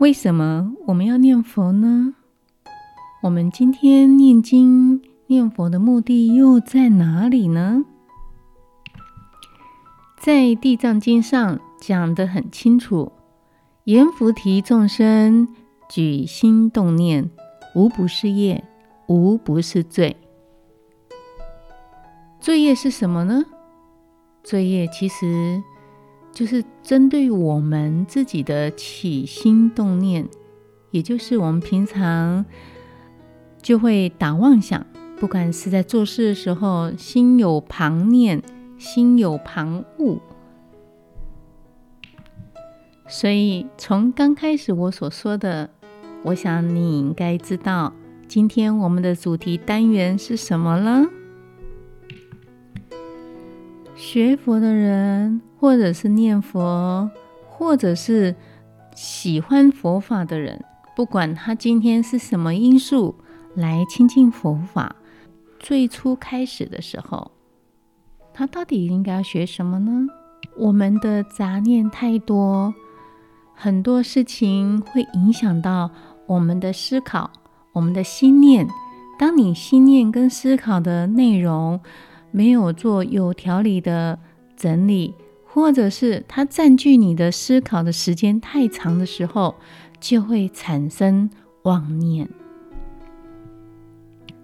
為什麼我們要念佛呢？我們今天念經念佛的目的又在哪裡呢？在《地藏經》上講得很清楚，閻浮提眾生，起心動念，無不是業，無不是罪。罪業是什麼呢？罪業其實，就是針對我們自己的起心動念，也就是我們平常就會打妄想，不管是在做事的時候，心有旁念，心有旁騖。所以從剛開始我所說的，我想你應該知道今天我們的主題單元是什麼了。學佛的人，或者是念佛，或者是喜歡佛法的人，不管他今天是什麼因素來親近佛法，最初開始的時候，他到底應該要學什麼呢？我們的雜念太多，很多事情會影響到我們的思考，我們的心念。當你心念跟思考的內容。沒有做有條理的整理，或者是它佔據你的思考的時間太長的時候，就會產生妄念。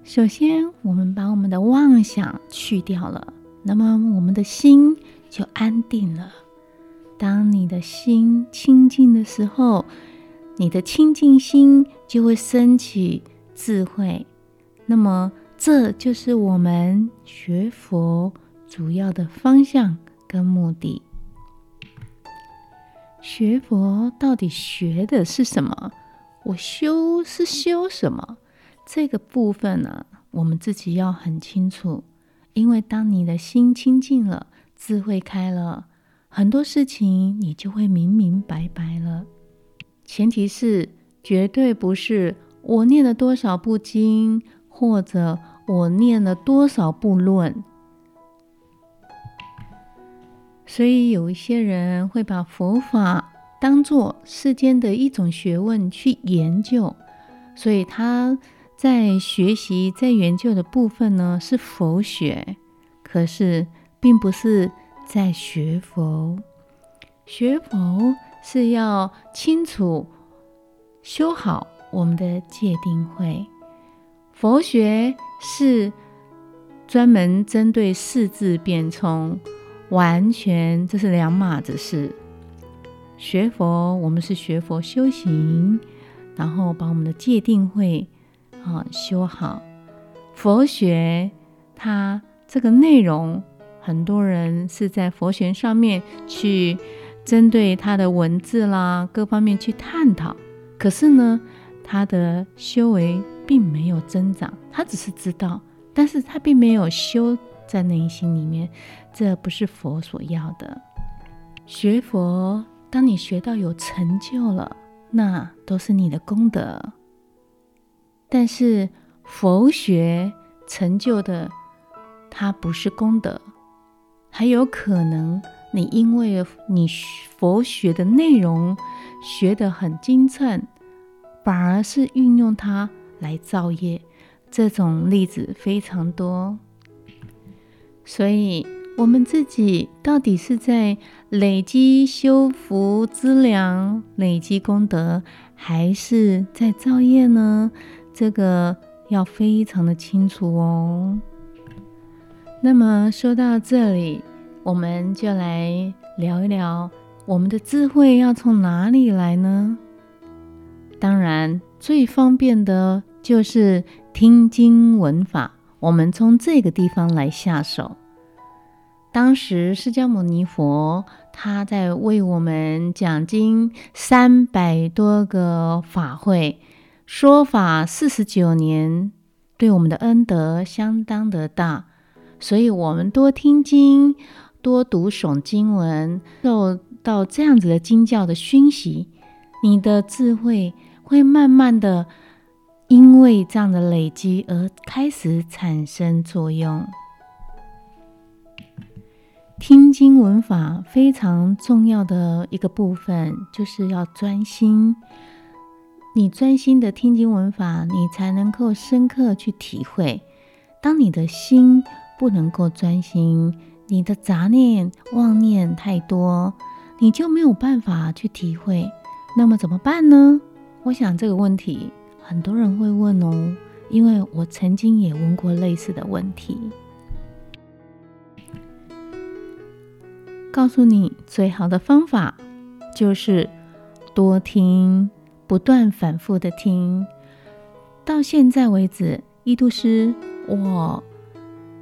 首先，我們把我們的妄想去掉了，那麼我們的心就安定了。當你的心清淨的時候，你的清淨心就會生起智慧。那麼，這就是我們學佛主要的方向跟目的。學佛到底學的是什麼？我修是修什麼？這個部分呢、啊，我們自己要很清楚。因為當你的心清淨了，智慧開了，很多事情你就會明明白白了。前提是絕對不是我念了多少部經。或者我念了多少部論，所以有一些人會把佛法當做世間的一種學問去研究，所以他在學習、在研究的部分呢，是佛學，可是並不是在學佛。學佛是要清楚修好我們的戒定慧。佛學是專門針對世智辯聰，完全這是兩碼子事。學佛，我們是學佛修行，然後把我們的戒定慧啊、呃、修好。佛學它這個內容，很多人是在佛學上面去針對它的文字啦，各方面去探討。可是呢，它的修為。並沒有增長，他只是知道，但是他並沒有修在內心裡面，這不是佛所要的。學佛，當你學到有成就了，那都是你的功德。但是佛學成就的，它不是功德，還有可能你因為你佛學的內容學得很精深，反而是運用它，來造業，這種例子非常多，所以我們自己到底是在累積修福資糧、累積功德，還是在造業呢？這個要非常的清楚哦。那麼說到這裡，我們就來聊一聊我們的智慧要從哪裡來呢？當然，最方便的。就是聽經聞法，我們從這個地方來下手。當時釋迦牟尼佛他在為我們講經三百多個法會，說法四十九年，對我們的恩德相當的大。所以，我們多聽經，多讀誦經文，受到這樣子的經教的熏習你的智慧會慢慢的。因為這樣的累積而開始產生作用。聽經聞法，非常重要的一個部分，就是要專心。你專心的聽經聞法，你才能夠深刻去體會。當你的心不能夠專心，你的雜念妄念太多，你就沒有辦法去體會。那麼怎麼辦呢？我想這個問題。很多人會問哦，因為我曾經也問過類似的問題。告訴你最好的方法就是多聽，不斷反覆的聽。到現在為止，易度師我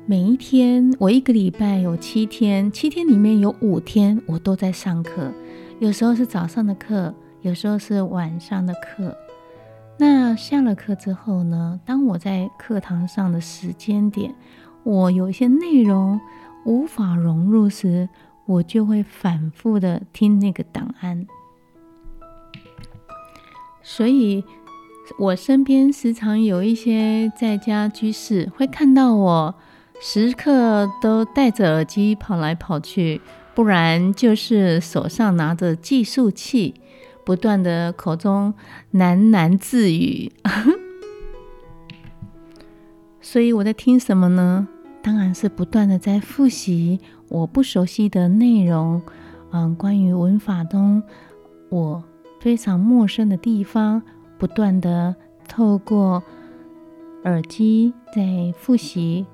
每一天，我一個禮拜有七天，七天裡面有五天我都在上課，有時候是早上的課，有時候是晚上的課。那下了課之後呢？當我在課堂上的時間點，我有一些內容無法融入時，我就會反復的聽那個檔案。所以我身邊時常有一些在家居士會看到我時刻都戴着耳機跑來跑去，不然就是手上拿着計數器。不斷的口中喃喃自語， 所以我在聽什麼呢？當然是不斷的在複習我不熟悉的內容，嗯，關於文法中我非常陌生的地方，不斷的透過耳機在複習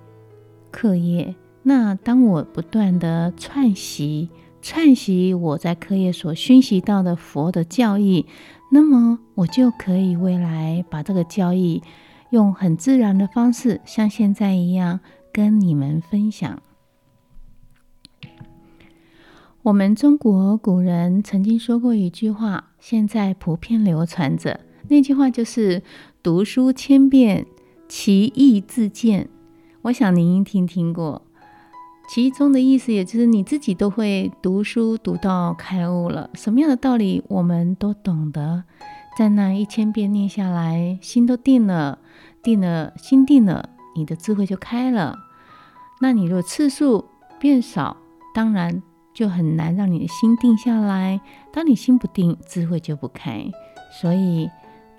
課業。那當我不斷的串習，串習我在課業所熏習到的佛的教義，那麼我就可以未來把這個教義用很自然的方式，像現在一樣跟你們分享。我們中國古人曾經說過一句話，現在普遍流傳着，那句話就是“讀書千遍，其義自見”。我想您一定聽過。其中的意思，也就是你自己都會讀書讀到開悟了，什麼樣的道理我們都懂得。在那一千遍念下來，心都定了，定了，心定了，你的智慧就開了。那你若次數變少，當然就很難讓你的心定下來。當你心不定，智慧就不開。所以。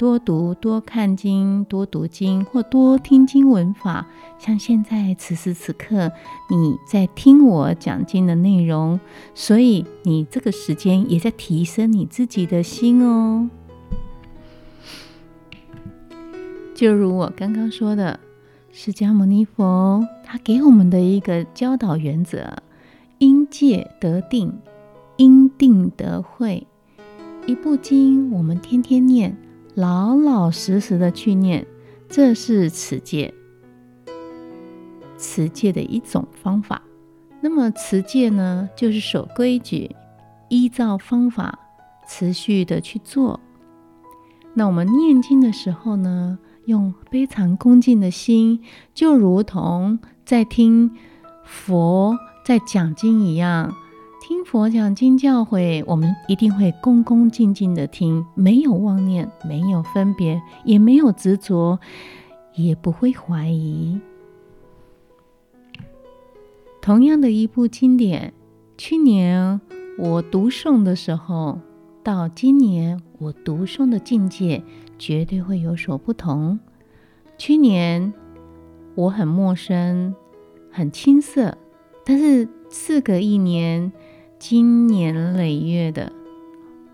多讀多看經，多讀經或多聽經文法。像現在此時此刻，你在聽我講經的內容，所以你這個時間也在提升你自己的心哦。就如我剛剛說的，釋迦牟尼佛他給我們的一個教導原則：因戒得定，因定得慧。一部經，我們天天念。老老實實的去念，這是持戒，持戒的一種方法。那麼持戒呢，就是守規矩，依照方法持續的去做。那我們念經的時候呢，用非常恭敬的心，就如同在聽佛在講經一樣。聽佛講經教誨，我們一定會恭恭敬敬的聽，沒有妄念，沒有分別，也沒有執着，也不會懷疑。同樣的一部經典，去年我讀誦的時候，到今年我讀誦的境界絕對會有所不同。去年我很陌生，很青澀，但是事隔一年。經年累月的，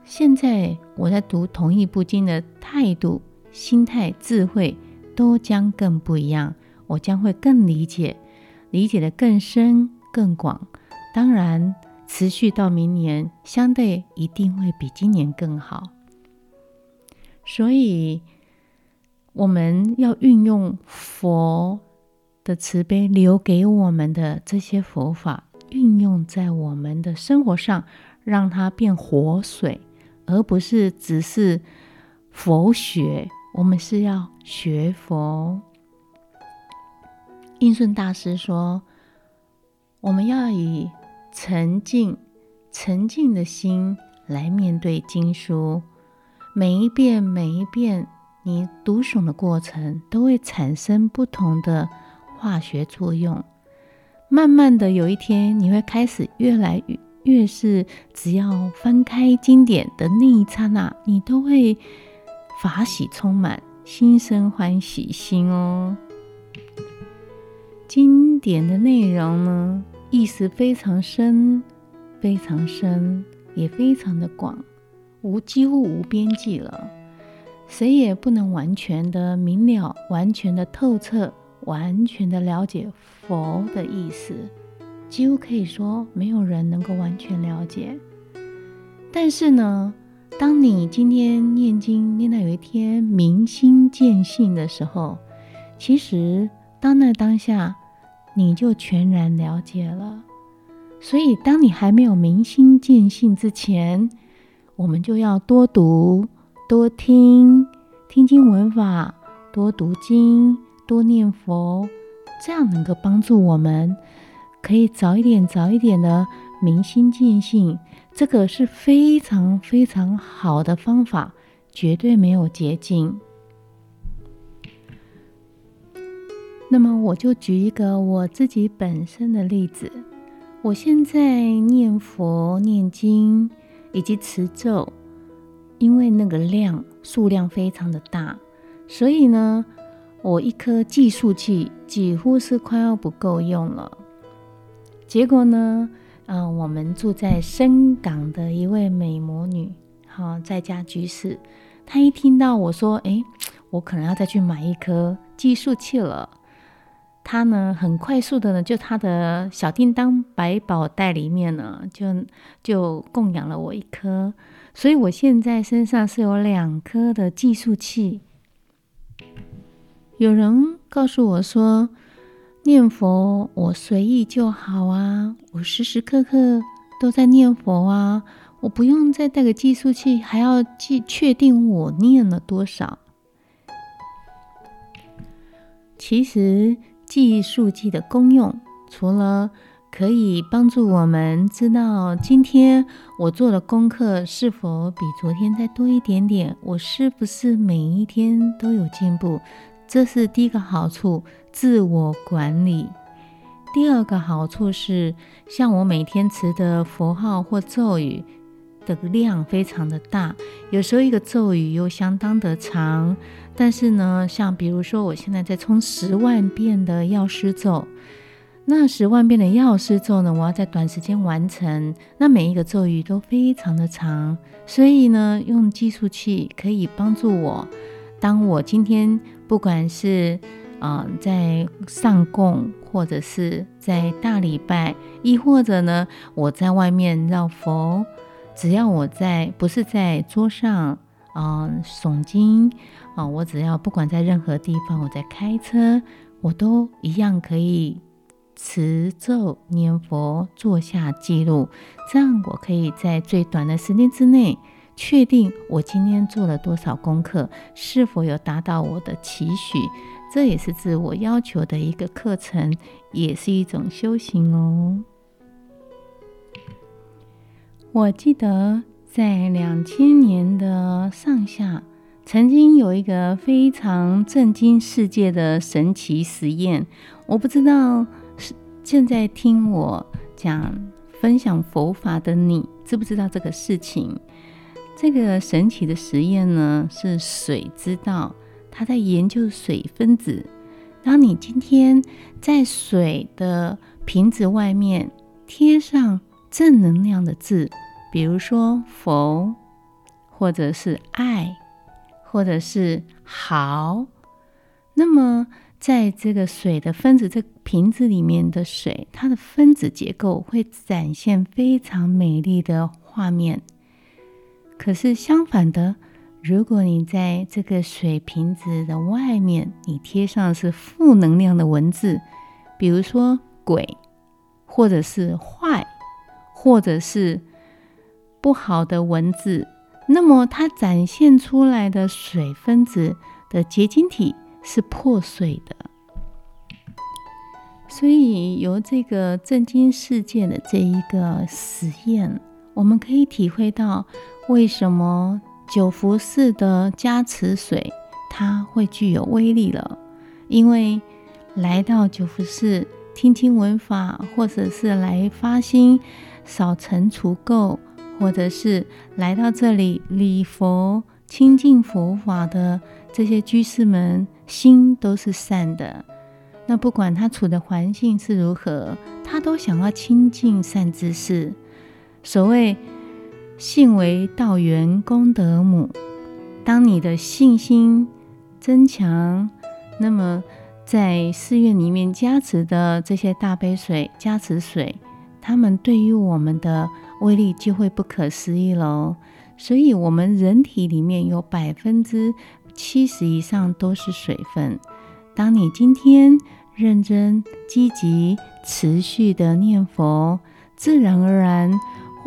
現在我在讀同一部經的態度、心態、智慧都將更不一樣，我將會更理解，理解的更深更廣。當然，持續到明年，相對一定會比今年更好。所以，我們要運用佛的慈悲留給我們的這些佛法。運用在我們的生活上，讓它變活水，而不是只是佛學。我們是要學佛。印順大師說：“我們要以沉靜、沉靜的心來面對經書，每一遍、每一遍你讀誦的過程，都會產生不同的化學作用。”慢慢的，有一天你會開始越來越越是，只要翻開經典的那一剎那，你都會法喜充滿，心生歡喜心哦。經典的內容呢，意思非常深，非常深，也非常的廣，無幾乎無邊際了，誰也不能完全的明了，完全的透徹。完全的了解佛的意思，幾乎可以說沒有人能夠完全了解。但是呢，當你今天念經念到有一天明心見性的時候，其實當那當下你就全然了解了。所以，當你還沒有明心見性之前，我們就要多讀多聽，聽經聞法，多讀經。多念佛，這樣能夠幫助我們，可以早一點、早一點的明心見性。這個是非常非常好的方法，絕對沒有捷徑。那麼我就舉一個我自己本身的例子，我現在念佛、念經以及持咒，因為那個量數量非常的大，所以呢。我一顆計數器幾乎是快要不夠用了，結果呢，嗯、呃，我們住在深港的一位美魔女，哈、哦，在家居士，她一聽到我說，哎，我可能要再去買一顆計數器了，她呢，很快速的呢，就她的小叮當百寶袋裡面呢，就就供養了我一顆，所以我現在身上是有兩顆的計數器。有人告訴我說：“念佛，我隨意就好啊！我時時刻刻都在念佛啊！我不用再帶個計數器，還要記確定我念了多少。”其實計數器的功用，除了可以幫助我們知道今天我做的功課是否比昨天再多一點點，我是不是每一天都有進步。這是第一個好處，自我管理。第二個好處是，像我每天持的佛號或咒語的量非常的大，有時候一個咒語又相當的長。但是呢，像比如說我現在在衝十萬遍的藥師咒，那十萬遍的藥師咒呢，我要在短時間完成，那每一個咒語都非常的長，所以呢，用計數器可以幫助我，當我今天。不管是嗯、呃、在上供，或者是在大禮拜，亦或者呢，我在外面繞佛，只要我在不是在桌上嗯誦、呃、經啊、呃，我只要不管在任何地方，我在開車，我都一樣可以持咒念佛，做下記錄，這樣我可以在最短的時間之內。確定我今天做了多少功課，是否有達到我的期許？這也是自我要求的一個課程，也是一種修行哦。我記得在兩千年的上下，曾經有一個非常震驚世界的神奇實驗。我不知道是正在聽我講分享佛法的你，知不知道這個事情？這個神奇的實驗呢，是水知道，他在研究水分子。當你今天在水的瓶子外面貼上正能量的字，比如說佛，或者是愛，或者是好，那麼在這個水的分子，這個、瓶子裡面的水，它的分子結構會展現非常美麗的畫面。可是相反的，如果你在這個水瓶子的外面，你貼上是負能量的文字，比如說“鬼”或者是“壞”或者是不好的文字，那麼它展現出來的水分子的結晶體是破碎的。所以由這個震驚世界的這一個實驗，我們可以體會到。為什麼九福寺的加持水它會具有威力了？因為來到九福寺聽經聞法，或者是來發心掃塵除垢，或者是來到這裡禮佛親近佛法的這些居士們，心都是善的。那不管他處的環境是如何，他都想要親近善知識。所謂。信為道源功德母。當你的信心增強，那麼在寺院裡面加持的這些大悲水、加持水，它們對於我們的威力就會不可思議嘍。所以，我們人體裡面有百分之七十以上都是水分。當你今天認真、積極、持續地念佛，自然而然。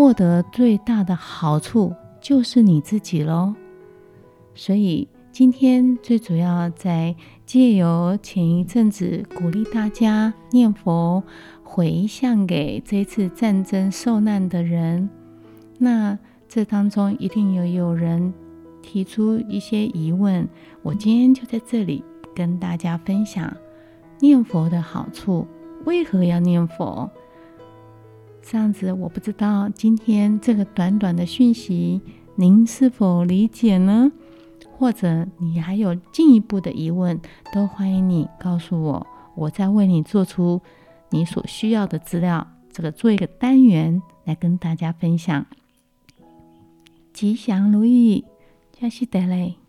獲得最大的好處就是你自己咯。所以今天最主要在借由前一陣子鼓勵大家念佛回向給這次戰爭受難的人，那這當中一定有有人提出一些疑問，我今天就在這裡跟大家分享念佛的好處，為何要念佛？這樣子，我不知道今天這個短短的訊息您是否理解呢？或者你還有進一步的疑問，都歡迎你告訴我，我再為你做出你所需要的資料，這個做一個單元來跟大家分享。吉祥如意，扎西德勒。